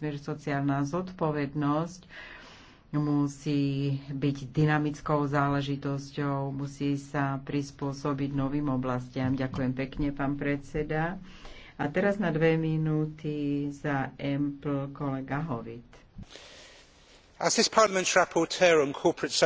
sociálna zodpovednosť musí byť dynamickou záležitosťou, musí sa prispôsobiť novým oblastiam. Ďakujem pekne, pán predseda. A teraz na dve minúty za Empl kolega Hovit. As this